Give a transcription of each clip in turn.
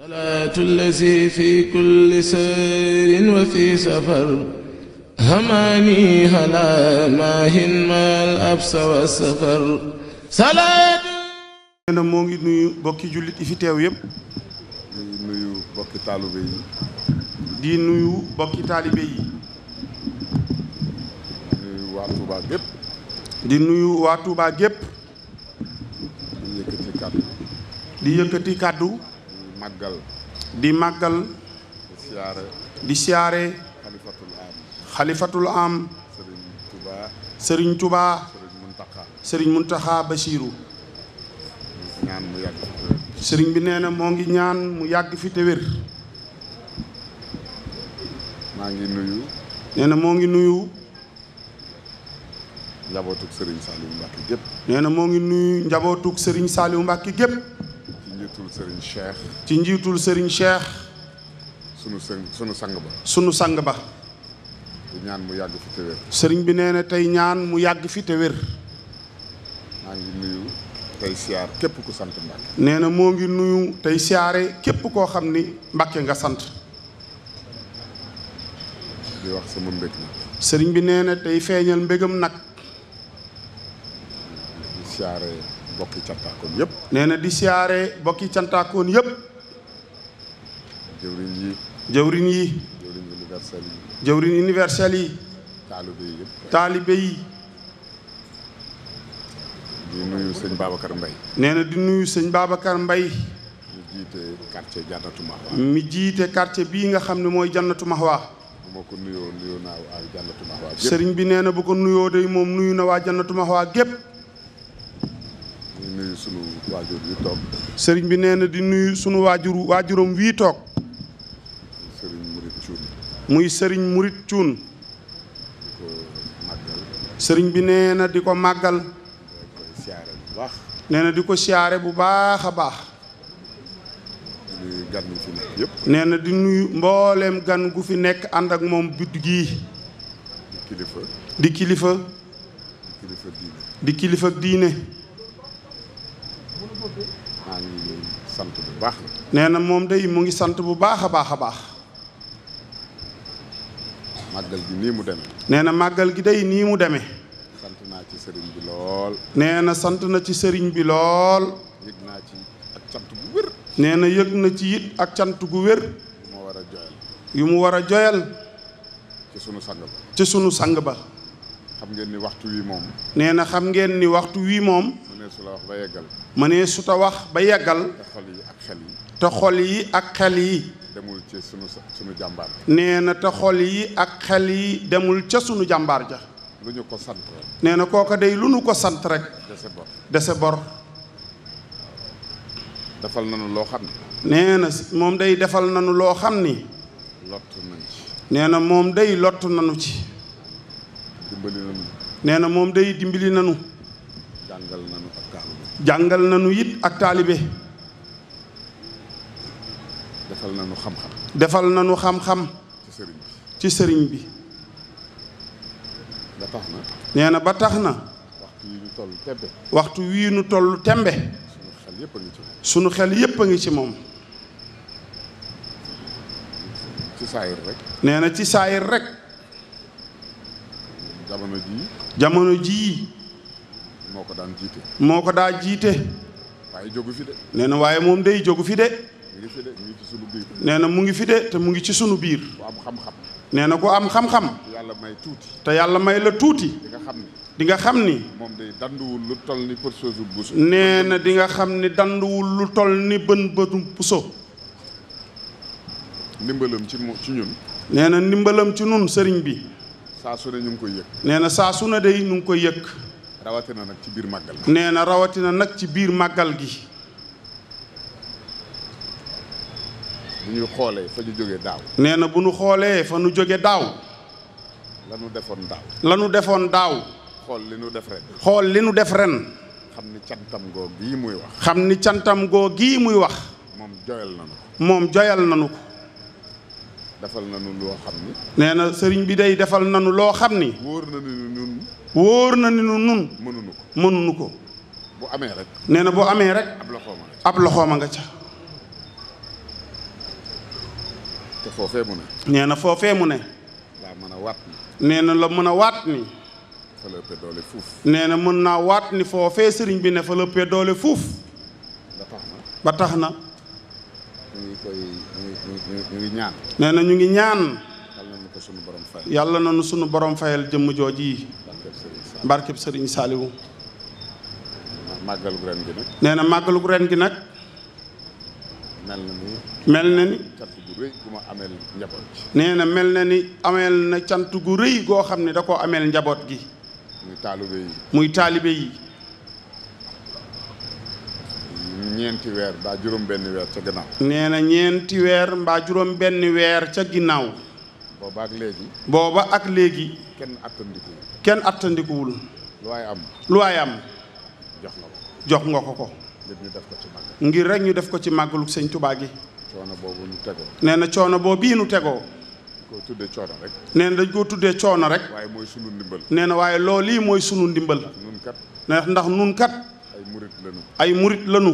salaatu lazi fi kulli sayrin wa fi safar hamaani halaa maahin maal absa wa safar salaatu nee ngi nuyu bokki jullit yi fi teew yëpp di nuyu bokki taalibe yi di nuyu bokki taalibe yi di nuyu waa Tuubaa gépp di nuyu waa Tuubaa gépp di yëkkati kàddu kàddu màggal di màggal di siyaare di siyaare sëriñ tubaa sëriñ tubaa sëriñ sëriñ bi nee na moo ngi ñaan mu yàgg fi te wér maa ngi nuyu moo ngi nuyu njabootuk sëriñ Saliou Mbacke gépp gépp njiitul Serigne ci njiitul sëriñ Cheikh. sunu sunu sang ba. sunu sang ba. di ñaan mu yàgg fi te wér. sëriñ bi nee na tey ñaan mu yàgg fi te wér. maa ngi nuyu tey siyaar nee na moo ngi nuyu tey siyaare képp koo xam ni Mbàkke nga sant. di wax sama mbég nag. sëriñ bi neena tey feeñal mbégam nag. di siyaare. bokki cantaakoon yépp nee na di siyaare bokki cantaakoon yëpp. jëwriñ yi. jëwriñ yi. yi. jëwriñ universel yi. taalibe yi yëpp. taalibe yi. di nuyu sëñ Babacar Mbaye. nee na di nuyu sëñ Babacar mbay mi jiite quartier Jannatu bii nga xam ne mooy Jannatu Mahwa. bu ma ko sëriñ bi nee na bu nuyoo day moom nuyu na waa Jannatu gépp. sëriñ bi nee di nuyu sunu waajur waajuram wii toog. muy sëriñ Murit Cuun. sëriñ bi nee di ko màggal. nee di ko siyaare bu baax a baax. neena di nuyu mbooleem gan gu fi nekk ànd ak moom bidd gii. di kilifa. di kilifa. di kilifa di kilifa diine. maa nee na moom day mu ngi sant bu baax a baax a baax. màggal gi nii nee na màggal gi day nii mu deme sant naa ci sëriñ bi lool. nee na sant na ci sëriñ bi lool. yëg naa ci ak ci ak cant bu wér. yu mu war a joyal. yu ci sunu sang ba. ci sunu sang ba. xam ngeen ni waxtu wi moom. nee na xam ngeen ni waxtu wi moom. mu ma ne su ta wax ba yeggal. te xol yi ak xel yi. te xol yi ak xel yi. demul ca sunu sunu jàmbaar. nee na te yi ak xel yi demul ca sunu jàmbaar ja. lu ko sant na kooka day lu ñu ko sant rek. dese bor dese defal nanu loo xam ni. nee na moom day defal nanu loo xam ni. lottu nee na moom day lottu nanu ci. dimbali nee na moom day dimbali nanu. jàngal nanu jàngal nañu yit ak taalibe defal na xam-xam defal nañu xam ci sëriñ bi nee na ba tax na waxtu wii nu toll tembe waxtu wii nu toll tembe sunu xel yépp a ngi ci moom ci nee na ci saayir rekk jamono jii jamono moo ko daan jiite. moo ko daa jiite. waaye jógu fi de. nee na waaye moom day jógu fi de. mu ngi mu ngi nee na mu ngi fi de te mu ngi ci sunu biir. ku am xam nee na ku am xam-xam. yàlla may tuuti. te yàlla may la tuuti. di xam ni. nga xam ni. moom day danduwul lu tol ni përsoosu buso. nee na di xam ni danduwul lu toll ni bën bëtu puso. ndimbalam ci ci ñun. nee na ndimbalam ci ñun sëriñ bi. saa su ne ñu ngi koy yëg. nee saa su ne day ñu ngi koy yëg. rawatina nag ci biir màggal gi. nee na rawatina nag ci biir màggal gi. bu ñu xoolee fa ñu jóge daaw. nee na bu ñu xoolee fa ñu jóge daaw. la nu defoon daaw. la ñu defoon daaw. xool li nu def ren. xool li nu def ren. xam ni cantam goo gii muy wax. xam ni cantam goo gi muy wax. moom joyal nanu moom joyal nanu ko. defal nanu loo nee na sëriñ bi day defal nanu loo xam ni. wóor na ni nun nun mënuñu ko mënuñu ko. bu amee rek. nee na boo amee rek. ab loxooma nga ca ab nga ca. te foofee mu ne. nee na foofee mu ne. laa mën a la mën a waat ni. fa nee na mën naa waat ni foofee sëriñ bi ne fa doole fuuf. ba tax na. ñu ngi koy ñu ngi ñaan. nee na ñu ngi ñaan. yàlla na ñu ko sunu borom fayal. yàlla na ñu sunu borom fayal jëmm jooju yi. barkeb Serigne Saliou. Ah, màggalu ren nee na màggalu ren gi nag. mel na ni. mel na ameel nee na mel na ni ameel na cant gu rëy goo xam ne da koo ameel njaboot gi. muy taalibe yi. ñeenti weer mbaa juróom benn weer ca ginnaaw nee na ñeenti weer mbaa juróom benn weer ca ginnaaw booba ak léegi booba ak léegi kenn attandikuwul attandikuwul lu waay am lu waay am jox nga ko jox nga ko ko ngir ñu def ko ngir rek ñu def ko ci màggalu sëñ Tuubaa gi coono boobu nu tegoo nee na coono boobu bii nu tegoo koo tuddee coono rek. nee na dañ koo tuddee coono rek. waaye mooy sunu nee na waaye loolu lii mooy sunu ndimbal. ndax nun ndax nun kat. ay murit lanu. ay murit lanu.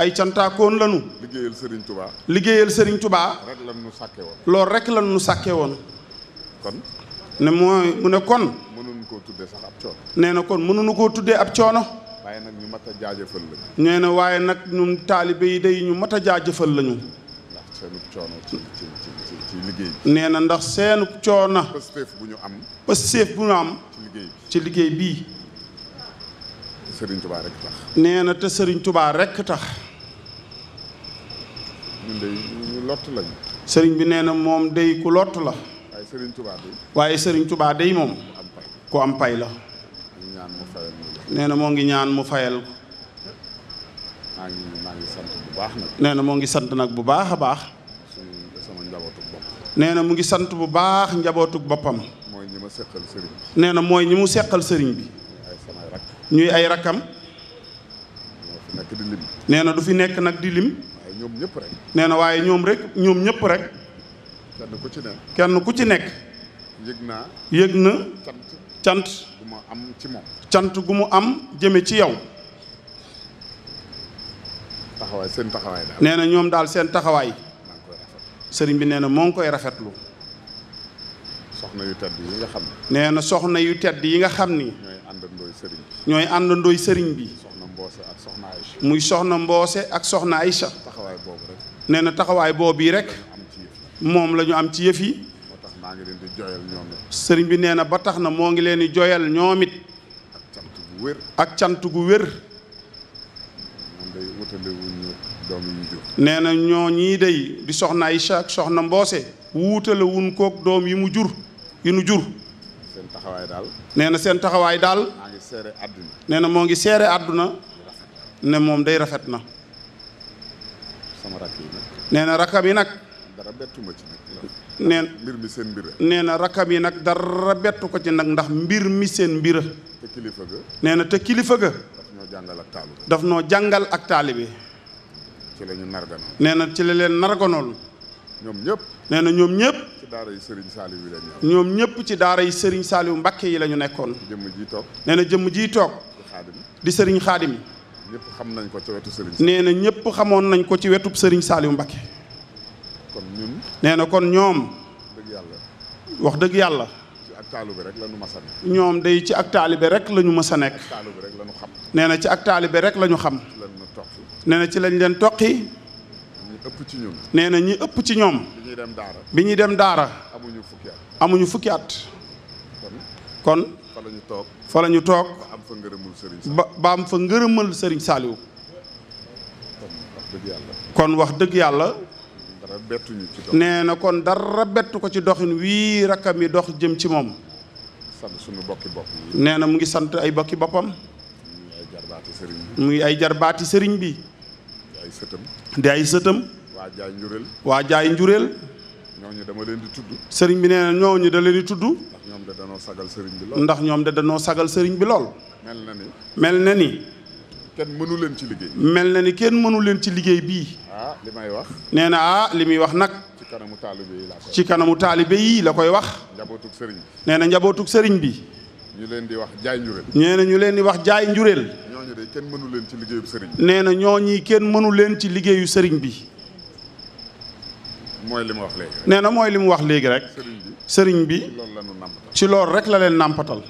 ay cantaakoon lanu liggéeyal sëriñ tubaa liggéeyal sëriñ tubaa rek lan nu sàkke loolu rek lan nu sàkke woon kon ne mooy mu ne kon mënuñu koo tuddee sax ab coono nee na kon mënuñu koo tuddee ab coono waaye nag ñu mat jaajëfal lañu na waaye nag ñun taalibe yi day ñu mat a jaajëfal lañu ndax liggéey nee na ndax seenu coono pësteef bu ñu am pësteef bu ñu am liggéey ci liggéey bii Serigne Touba rek tax. nee na te Serigne Touba rek tax. ñun de ñu bi nee na moom day ku lot la. waaye sëriñ Touba day. waaye Serigne Touba day moom. ku am pay la. nee na moo ngi ñaan mu fayal ko. maa nee na moo ngi sant nag bu baax a baax. sama njabootug nee na mu ngi sant bu baax njabootug boppam. mooy ñi ma nee na mooy ñi mu seqal sëriñ bi. ñuy ay rakkam. nee na du fi nekk nag di lim. waaye ñoom nee na waaye ñoom rek ñoom ñëpp rek. kenn ku ci nekk. kenn ku ci nekk. yëg na. cant. gu mu am ci gu mu am jëme ci yow. taxawaay seen taxawaay daal. nee na ñoom daal seen taxawaay. sëriñ bi nee na moo ngi koy rafetlu. soxna yu soxna yu tedd yi nga xam ni. ñooy àndandooy sëriñ bi. muy soxna mboose ak soxna Aïcha. nee na taxawaay boobu yi rek. moom lañu am ci yëf yi. sëriñ bi nee na ba tax na moo ngi leen di joyal ñoom it. ak cant gu wér. nee na ñoo ñii day di soxna Aïcha ak soxna mboose. wuutale kook doom yi mu jur yi nu jur. nee seen taxawaay daal. seere àdduna nee na moo ngi seere àdduna ne moom day rafet na sama rakk yi nag na rakkam yi nag dara bettu ma ci nag mbir mi nee na rakkam yi nag dara ko ci nag ndax mbir mi seen mbir te kilifa nee na te kilifa ga daf noo jàngal ak taalibe daf noo jàngal ak taalibe ci la ñu nee na ci la leen narganoon na ñoom ñëpp daara yi Serigne Saliou ñoom ñëpp ci daara yi Serigne Saliou Mbacké yi la ñu nekkoon. jëmm ji toog nee na jëmm ji toog. di Serigne Khadim. ñëpp xam nañ ko ci wetu Serigne. nee na ñëpp xamoon nañ ko ci wetu Serigne Saliou Mbacké. kon ñun. nee na kon ñoom. dëgg yàlla. wax dëgg yàlla. ci ak rek la ñu mës a ñoom day ci ak taalibe rek lañu ñu mës a nekk. taalibe rek la xam. nee na ci ak taalibe rek la ñu xam. nee ci lañ leen toqi. ëpp ci ñoom nee na ñi ëpp ci ñoom bi ñuy dem daara bi ñuy dem daara amuñu fukki at amuñu fukki at kon fa la toog fa ñu toog ba am fa ngërëmul sëriñ ba ba am fa ngërëmal sëriñ Saliou kon wax dëgg yàlla nee na kon dara bettu ko ci doxin wii rakkam yi dox jëm ci moom nee na mu ngi sant ay bokki boppam mu ngi ay jarbaati sëriñ bi ay sëtam. di ay sëtam. waa jaay njureel. waa jaay njureel. ñooñu dama leen di tudd. sëriñ bi nee na ñooñu da leen di tudd. ndax ñoom de danoo sagal sëriñ bi lool. ndax ñoom de danoo sagal sëriñ bi lool. mel na ni. mel na ni. kenn mënu leen ci liggéey. mel na ni kenn mënu leen ci liggéey bii. ah li may wax. nee na ah li muy wax nag. ci kanamu taalibe yi la koy ci kanamu taalibe yi la koy wax. njabootug sëriñ nee na njabootug sëriñ bi. ñu leen di wax jaay njureel. na ñu leen di wax jaay njureel. ñooñu de ci liggéeyu sëriñ nee na ñooñi kenn mënu leen ci liggéeyu sëriñ bi. mooy li mu wax nee na mooy li mu wax léegi rek. sëriñ bi ci loolu rek la leen nàmpatal.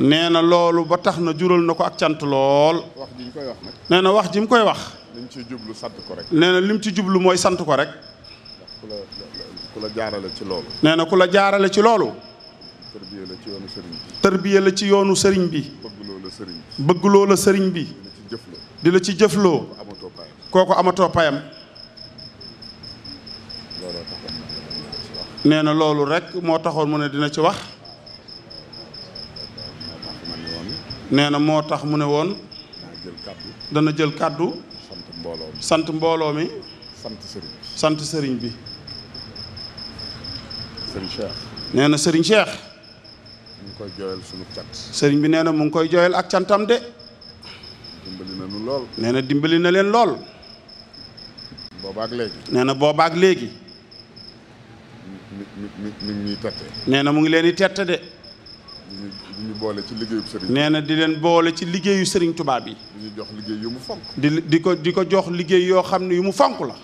nee na loolu ba tax na jural na ko ak cant lool. wax wax nee na wax ji mu koy wax. li mu ci jublu sant rek. nee na li ci jublu mooy sant ko rek. ku jaarale ci loolu. nee na ku la jaarale ci loolu. tërbiye la ci yoonu sëriñ bi. tërbiye la ci yoonu sëriñ bi. bëggloo la sëriñ sëriñ bi. di la ci jëfloo. kooku amatoo payam. nee na loolu rekk moo taxoon mu ne dina ci wax. nee na moo tax mu ne woon. dana jël kàddu. sant mbooloo mi sant sëriñ bi sant sëriñ bi. nee na sëriñ Cheikh. mu ngi koy jooyal sunu cant. sëriñ bi nee na mu ngi koy jooyal ak cantam de. dimbali lool. nee na dimbali na leen lool. boobaak nee na boobaak léegi. mi nee na mu ngi leen di tette de. di boole ci liggéeyu nee na di leen boole ci liggéeyu sëriñ tubaab bi. di ko di ko jox liggéey yoo xam ne yu mu fonk la.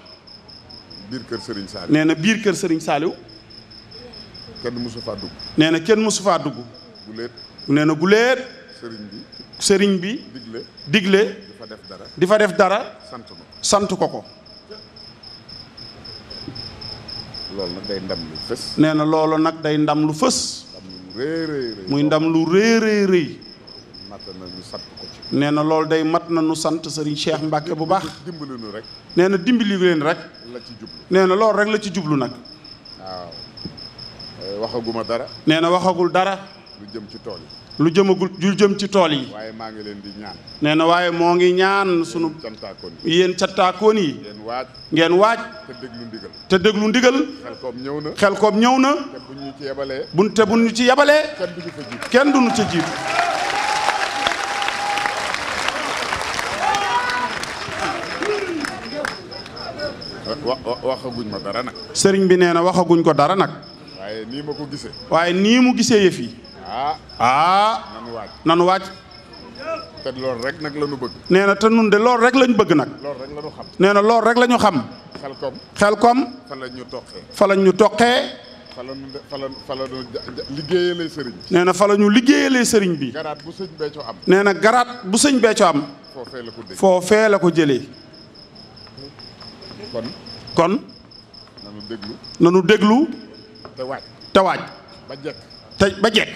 biir kër sëriñ Saliou. nee na biir kër sëriñ Saliou. kenn nee na kenn mosu faa dugg. nee na guleet. sëriñ bi digle digle. di fa def dara di fa dara. sant ko sant ko ko. loolu nag day ndam nee na loolu nag day ndam lu fës. muy ndam lu rëy rëy rëy. nee na loolu day mat na nu sant Serigne Cheikh Mbacke bu baax. dimbali nu nee na dimbali leen rek. la ci jublu nee na loolu rek la ci jublu nag. waxaguma dara. nee na waxagul dara. lu jëm ci tool yi. lu jëmagul lu jëm ci tool yi. waaye maa ngi leen di ñaan. nee na waaye moo ngi ñaan sunu. cantaakoon yi yéen cantaakoon yi. ngeen waaj. ngeen waaj. te déglu ndigal. te déglu ndigal. xel koom ñëw na. xel koom ñëw na. te ñu ci yebalee. buñ te buñ ci yebalee. kenn duñu fa ca jiitu. waxaguñ ma dara nag. sëriñ bi nee na waxaguñ ko dara nag. waaye nii ma ko gisee. waaye nii mu gisee yëf yi. ah ah. nanu waaj nanu te loolu rek nag la ñu nee na te nun de lool rek lañ bëgg nag. loolu rek la xam. nee na loolu rek lañu xam. xel kom xel la ñu toqee. fa la ñu toqee. fa la ñu fa la fa la sëriñ bi. nee na fa la ñu liggéeyalee sëriñ bi. garaat bu sëñ Béthio am. nee na garaat bu sëñ Béthio am. foofee la ko dégg la ko jëlee. kon. kon. déglu nanu déglu. te waaj ba jekk te ba jekk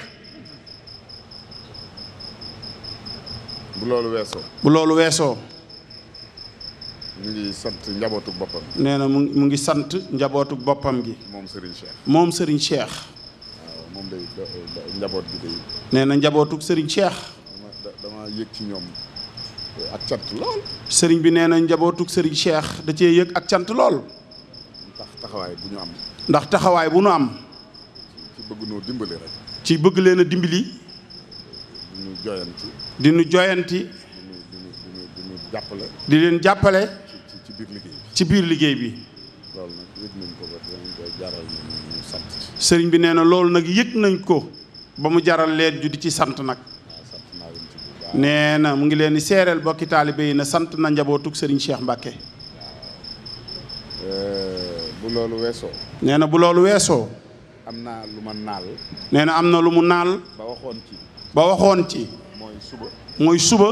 bu loolu weesoo bu loolu weesoo mu ngi sant njabootu boppam nee na mu gi moom Serigne Cheikh moom day njaboot gi day nee na njabootu Serigne Cheikh dama yëg ci ñoom eh, ak cant lool sëriñ bi nee na njabootu Serigne Cheikh da cee yëg ak cant lool taxawaay bu ndax taxawaay bu nu am. ci bëgg leen a dimbali. di nu joyanti. di nu joyanti. di leen jàppale. ci biir liggéey bi. ci bi. sëriñ bi nee na loolu nag yëg nañ ko ba mu jaral leen ju di ci sant nag. nee na mu ngi leen di seereel bokki taalibe yi na sant na njabootug sëriñ seex Mbacke. bu loolu weesoo. nee na bu loolu weesoo. am naa lu ma naal. nee na am na lu mu naal. ba waxoon ci. waxoon ci. mooy suba. mooy suba.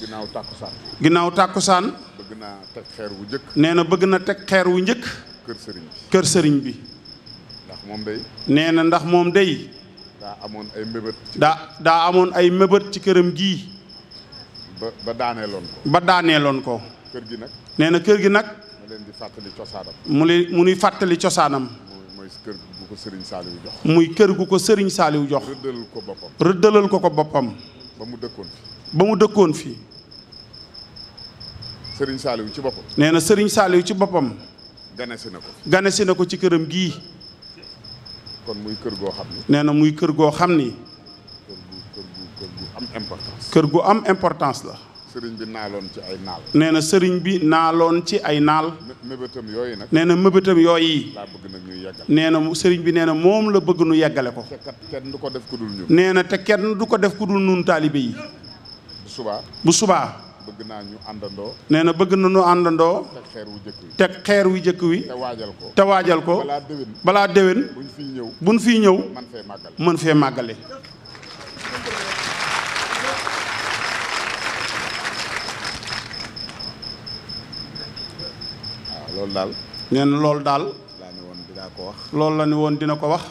ginnaaw tàkkusaan. ginnaaw tàkkusaan. bëgg xeer wu njëkk. nee na bëgg na teg xeer wu njëkk. kër sëriñ bi kër sëriñ ndax moom day. nee na ndax moom day. amoon ay mébét. daa amoon ay mébét ci këram gii. ba ba daaneeloon ko. ba daaneeloon ko. kër kër gi nag. leen di fàttali cosaanam. mu mu nuy fàttali cosaanam. muy kër gu ko Serigne Saliou jox. muy kër gu ko Serigne Saliou jox. rëddalal ko boppam. rëddalal ko ko boppam. ba mu dëkkoon fi. ba mu dëkkoon fi. Serigne Saliou ci boppam. nee na Serigne Saliou ci boppam. ganesi na ko. ganesi na ko ci këram gii. kon muy kër goo xam ni. nee na muy kër goo xam ni. kër gu kër kër gu am importance la. sëriñ bi naaloon ci ay naal. nee na sëriñ bi naaloon ci ay naal. mëbëtam yooyu nag. nee na mëbëtam yooyu. bëgg nag ñuy nee na sëriñ bi nee na moom la bëgg nu yeggale ko. te du ko def ku dul nee na te kenn du ko def ku dul ñun taalibe yi. bu subaa. bu subaa. bëgg naa ñu àndandoo. nee na bëgg na àndandoo. teg xeer wu jëkk wi. xeer wu jëkk wi. te waajal ko te waajal ko. balaa déwén. balaa déwén. buñ fiy ñëw buñ mën fee màggale. loolu daal. nee na loolu daal. laa ne woon dinaa ko wax. loolu la ne woon dina ko wax.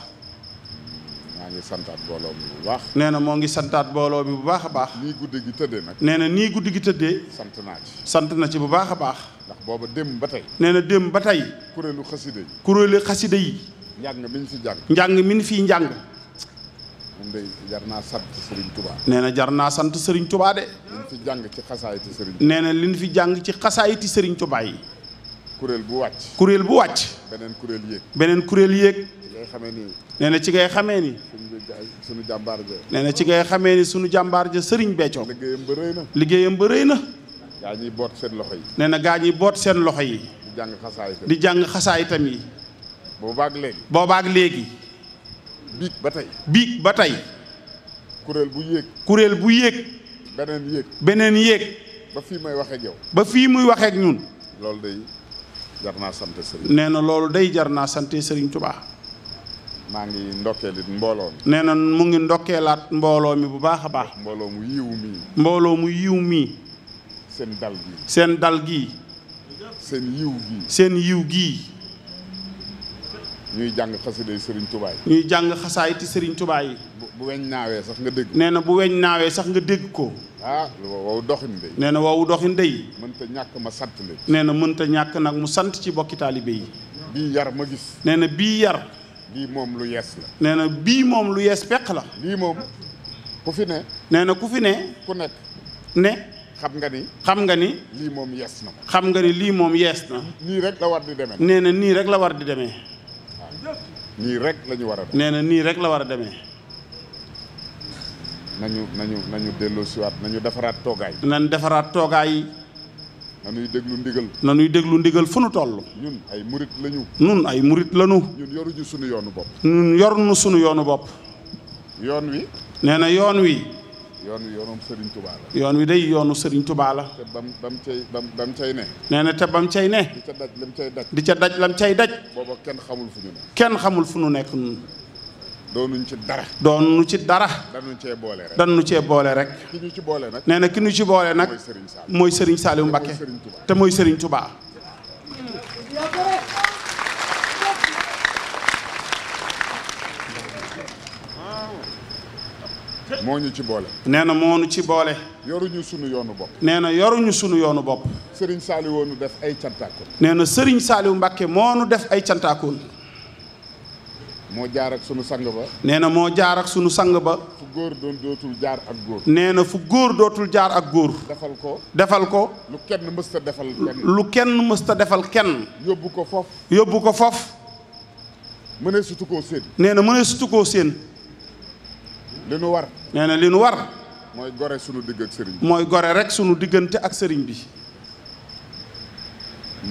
maa ngi santaat mbooloo bi nee na moo ngi santaat booloo bi bu baax a baax. nii guddi gi nag. nee na nii guddi gi tëddee. sant naa ci. sant na ci bu baax a baax. ndax booba démb ba tey. nee na démb ba tey. kuréelu xasida yi. kuréelu xasida yi. njàng mi ñu fi jàng. njàng mi ñu fiy njàng. jar naa sant Serigne Touba. nee na jar naa sant Serigne Touba de. li ñu ci xasaayiti nee na li nu fi jàng ci xasaayiti sëriñ Touba yi. kuréel bu wàcc. kuréel bu wàcc. beneen kuréel yéeg. beneen kuréel yéeg. ngay xamee ni. nee na ci ngay xamee ni. suñu jàmbaar ja. nee na ci ngay xamee suñu jàmbaar ja Serigne Béthio. liggéeyam ba rëy na. liggéeyam ba rëy na. gaa boot seen loxo yi. nee na gaa ñiy boot seen loxo yi. di jàng xasaay itam di jàng xasaay itam yi. boobaag léegi. boobaag léegi. biig ba tey. biig ba tey. kuréel bu yéeg. kuréel bu yéeg. beneen yéeg. ba fi may waxee ak ba fii muy waxee ak ñun. jar naa nee na loolu day jar naa sant sëriñ Tuubaa. maa ngi ndokkeel it mbooloo mi. nee na mu ngi ndokkeelaat mbooloo mi bu baax a baax. mbooloo mu yiw mii. mbooloo mu yiw mii. seen dal gii. seen dal gii. seen yiw gii. seen yiw gii. ñuy jàng xasiday sëriñ tubaay ñuy jàng xasaay xasaayiti sëriñ Tuubaa yi. bu weñ naawee sax nga dégg. nee na bu weñ naawee sax nga dégg ko. ah wawu doxin day. nee na wawu doxin day. mënta ñàkk ma sant leen. nee na mënta ñàkk nag mu sant ci bokki taalibe yi. bii yar ma nee na bii yar. bii moom lu yees nee na bii moom lu yees peq la. bii moom ku nee na ku fi ne. xam nga ni. xam nga ni. lii yees na. xam nga ni lii moom yees na. nii rek la war di deme nee na nii rek la war di demee. nii rek la war a demee. nee na nii rek la war a demee. nañu nañu nañu delloo siwaat nañu defaraat toogaay nañ defaraat toogaay yi nanuy déglu ndigal nanuy déglu ndigal fu nu toll ñun ay murit lañu ñun ay murit lañu ñun yoruñu sunu yoonu bopp ñun yoruñu sunu yoonu bopp yoon wi nee na yoon wi yoon wi yoonu Serigne Touba yoon wi day yoonu sëriñ Touba la. te bam cay bam bam cay ne. nee na te bam cay ne. di ca daj lam cay daj. di ca daj lam cay daj. booba kenn xamul fu ñu kenn xamul fu ñu nekk ñun. doonuñ ci dara. doonuñ ci dara. danuñ cee boole rek danuñ cee rek. ki ñu ci boole nag. nee na ki ñu ci boole nag. mooy Serigne Saliou Mbacké te mooy Serigne Touba. moo ñu ci boole. nee na moo ñu ci boole. yoruñu sunu yoonu bopp. nee na yoruñu sunu yoonu bopp. Serigne Saliou woonu def ay nee na Serigne Saliou Mbacké moo nu def ay cantaakoon. moo jaar ak sunu sang ba. nee na moo jaar ak sunu sang ba. fu góor doon dootul jaar ak góor. nee na fu góor dootul jaar ak góor. defal ko defal ko. lu kenn mësta defal kenn. yóbbu ko fof. yóbbu ko fof. mënee sutu koo seen. nee na mënee sutu koo seen. li nu war. nee na li nu war. mooy gore sunu digg mooy gore rek sunu diggante ak sëriñ bi.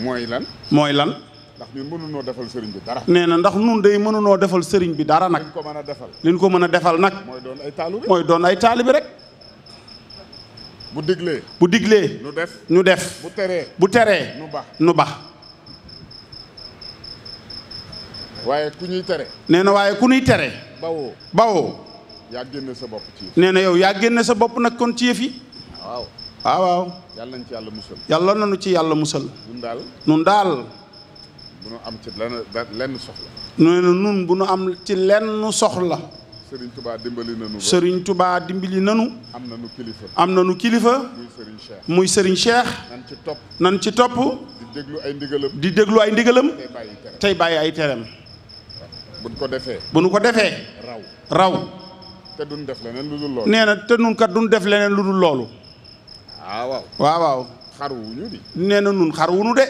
mooy lan. mooy lan. ndax ñun mënunoo defal sëriñ bi dara. nee na ndax nun day mënunoo defal sëriñ bi dara nag. liñ ko a defal liñ ko mën a defal nag. mooy doon ay taalibe mooy doon ay taalibe rek. bu diglee bu diglee. ñu def ñu def. bu teree bu teree. nu bax nu bax. waaye ku ñuy tere. nee na waaye ku ñuy tere. bawoo bawoo. yaa génne sa bopp nee na yow yaa génne sa bopp nag kon ci yëf yi. waaw waaw yàlla nañ ci yàlla musal. yàlla nañu ci yàlla musal. nun daal. bu am ci lenn lenn soxla. nee na nun bu nu am ci lenn soxla. Serigne Touba dimbali nanu. Serigne Touba dimbali nanu. am na nu kilifa. am na nu kilifa. muy Serigne Cheikh. muy Serigne Cheikh. nan ci topp. nan ci topp. di déglu ay ndigalam. di déglu ay ndigalam. tey bàyyi ay teram. bu nu ko defee. bu nu ko defee. raw raw. te duñ def leneen lu dul loolu. nee na te nun kat duñ def leneen lu dul loolu. Ah, waaw waaw. waaw waaw. nee na nun xaruwuñu de.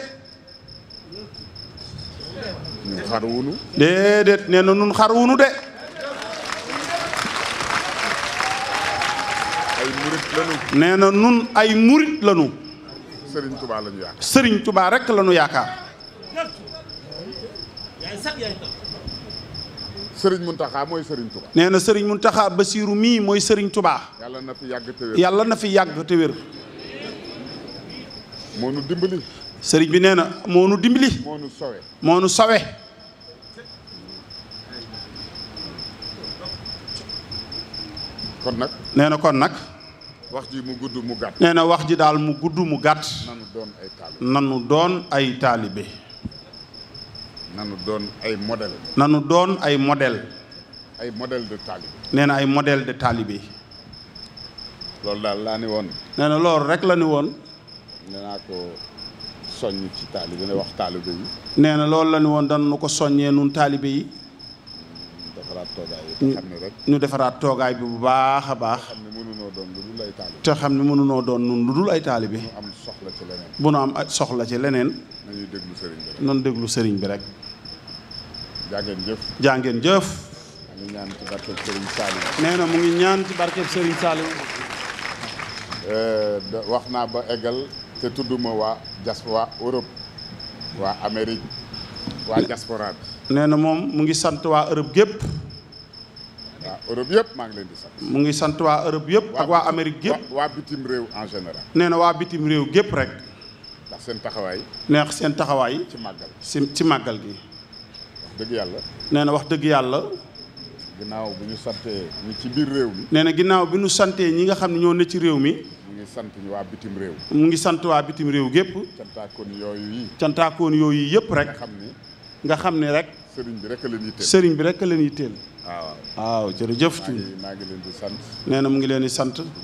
ñun xaruwunu déedéet nee na ñun de. nee na ñun ay murit lañu. Serigne Touba lañu yaakaar. Serigne Touba rek lañu yaakaar. Serigne Mountakha mooy sëriñ Touba. nee na Serigne Mountakha Bassirou mii mooy sëriñ tubaa yàlla na fi yàgg te yàlla na fi yàgg moo nu dimbali. sëriñ bi nee na moo nu dimbali. moo nu sawe moo nu sawe. kon nag nee na kon nag. wax ji mu gudd mu gàtt. nee wax ji daal mu gudd mu gàtt. nanu doon ay taalibe nanu doon ay taalibe. nanu doon ay model nanu doon ay modèle. ay modèle de taalibe. nee loolu daal laa ne woon. nee na loolu rek la ne woon. soññ ci taalibe ne wax taalibe yi. nee na loolu la ñu woon dañu ko soññee nun taalibe yi. ñu defaraat toogaay bi bu baax a baax. te xam ne mënunoo doon nun lu dul ay taalibe. bu nu am soxla ci leneen. nañu déglu sëriñ bi rek. jàngeen jëf. jàngeen jëf. nee na mu ngi ñaan ci barkeb sëriñ Saliou. Eh, wax naa ba eggal. te tudduma waa jas waa Europe waa waa diaspora nee na moom mu ngi sant waa Europe gépp waa Europe yëpp maa ngi leen mu ngi sant waa Europe yëpp. ak waa amerique gépp waa bitim réew en général. nee na waa bitim réew gépp rek. ndax seen taxawaay. neex seen taxawaay. ci màggal si ci màggal gi. wax yàlla. nee na wax dëgg yàlla. ginnaaw bi ñu santee ñi ci biir réew mi. nee na ginnaaw bi ñu santee ñi nga xam ne ñoo ne ci réew mi. ngi sant ñu waa bitim réew. mu ngi sant waa bitim réew gépp cantaakoon yooyu yi. cantaakoon yooyu yëpp rek. nga xam ni rek. sëriñ bi rek a leen yitteel bi rek a leen yitteel. waaw waaw jërëjëf. maa ngi leen nee na mu ngi leen di sant. di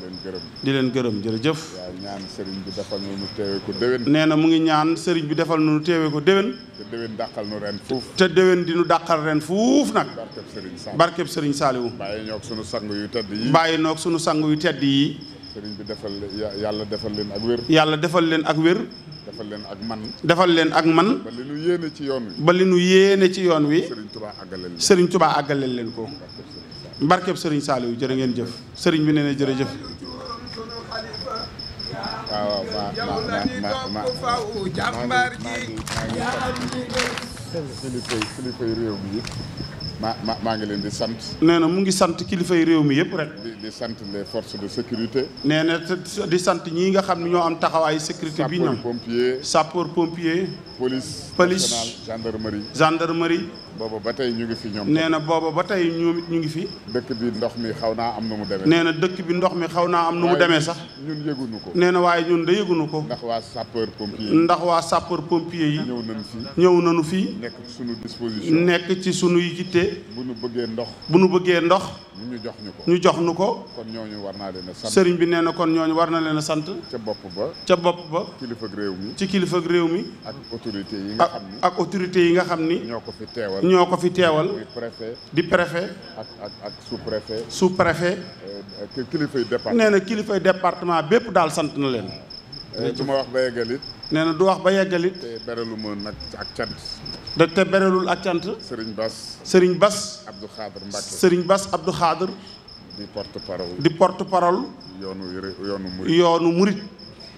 di leen gërëm jërëjëf. waaw ñaan sëriñ bi defal nu nu nee na mu ngi ñaan sëriñ bi defal nu nu teewee ko déwén. te déwén dàqal ren fuuf. te déwén di nu dàqal ren fuuf nag. barkeb sëriñ Saliou bàyyi ñoog sunu sang yu tedd yi. sëriñ bi defal yàlla defal leen ak wér. yàlla defal leen ak wér. defal leen ak man. defal leen ak man. ba li yéene ci yoon wi. ba li yéene ci yoon wi. sëriñ Touba àggaleel leen sëriñ Touba àggaleel leen ko. mbarkeb sëriñ Saliou jërë ngeen jëf sëriñ bi nee na jërëjëf. waaw maa maa maa ngi leen di sant. nee na mu ngi sant kilifay réew mi yëpp rek. di sant les force de sécurité. nee na di sant ñii nga xam ne ñoo am taxawaayu sécurité bi ñoom sapeur pompier sapeur pompier. police police gendarmerie gendarmerie booba ba tey ñu ngi fi ñoom nee na booba ba tey ñoom ñu ngi fi dëkk bi ndox mi xaw naa am nu mu demee nee na dëkk bi ndox mi xaw naa am nu mu demee sax ñun yëgunu ko nee na waaye ñun da yëgunu ko ndax waa sapeur pompier ndax waa sapeur yi ñëw nañu fii ñëw nañu fii nekk ci sunu disposition nekk ci sunu yitte bu ñu bëggee ndox bu ñu bëggee ndox ñu jox ñu ko ñu jox ñu ko kon ñooñu war naa leen a sant sëriñ bi nee na kon ñooñu war na leen sant ca bopp ba ca bopp ba réew mi ci kilifa réew mi autorité yi nga xam ak autorité yi nga xam ni. ñoo ko fi teewal ñoo ko fi teewal. di préfet di préfet. ak ak ak sous préfet. sous préfet. Euh, kilifay département nee na kilifay département bépp daal sant na leen. Euh, du ma wax ba nee na du wax ba yeggalit. te beraluma nag ak cant. da te beralul ak cant. Serigne Bass. Serigne Bass. Abdou Khader Mbacke Serigne Bass Abdou Khader. di porte parole. yoonu yoonu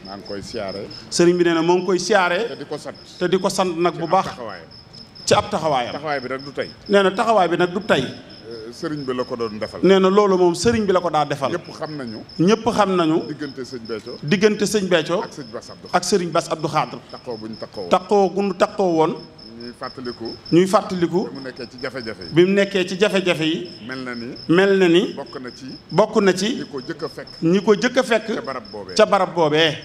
maa ngi koy siyaare. sëriñ bi nee na moo ngi koy siyaare. te di ko sant te di ko sant nag bu baax. ci ab taxawaayam taxawaay bi nag du tey. nee na taxawaay bi nag du tey. Euh, sëriñ bi la ko doon defal. nee na loolu moom sëriñ bi la ko daa defal. ñëpp xam nañu. ñëpp xam nañu. diggante sëñ Béthio. diggante sëñ Béthio. ak sëñ Bass Abdou ak sëriñ Bass Abdou Khadre. taxoo bu ñu taxoo woon taxoo gu ñu woon. ñuy fàttaliku. ñuy fàttaliku. bi mu nekkee ci jafe-jafe yi. bi mu nekkee ci jafe yi. mel na ni. mel na ni. bokk na ci. bokk na ci. ñi ko jëkk fekk. ñi ko jëkk a fekk. ca barab ca barab boobee.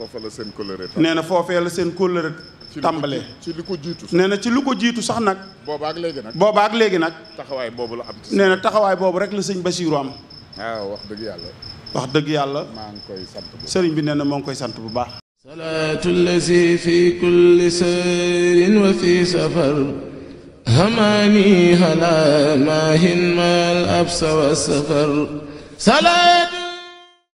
foofa la seen kóllëre nee na foofee la seen kóllëre tàmbalee ci lu ko jiitu nee na ci lu ko jiitu sax nag boobaak léegi nag boobaak léegi nag taxawaay boobu la am nee na taxawaay boobu rek la sëñ Basiiru am waaw ah, wax dëgg yàlla wax koy sant bu sëriñ bi nee na moo ngi koy sant bu baax salaatu lazi fi kulli sayrin wa fi safar hamaani hala maahin maal absa wa safar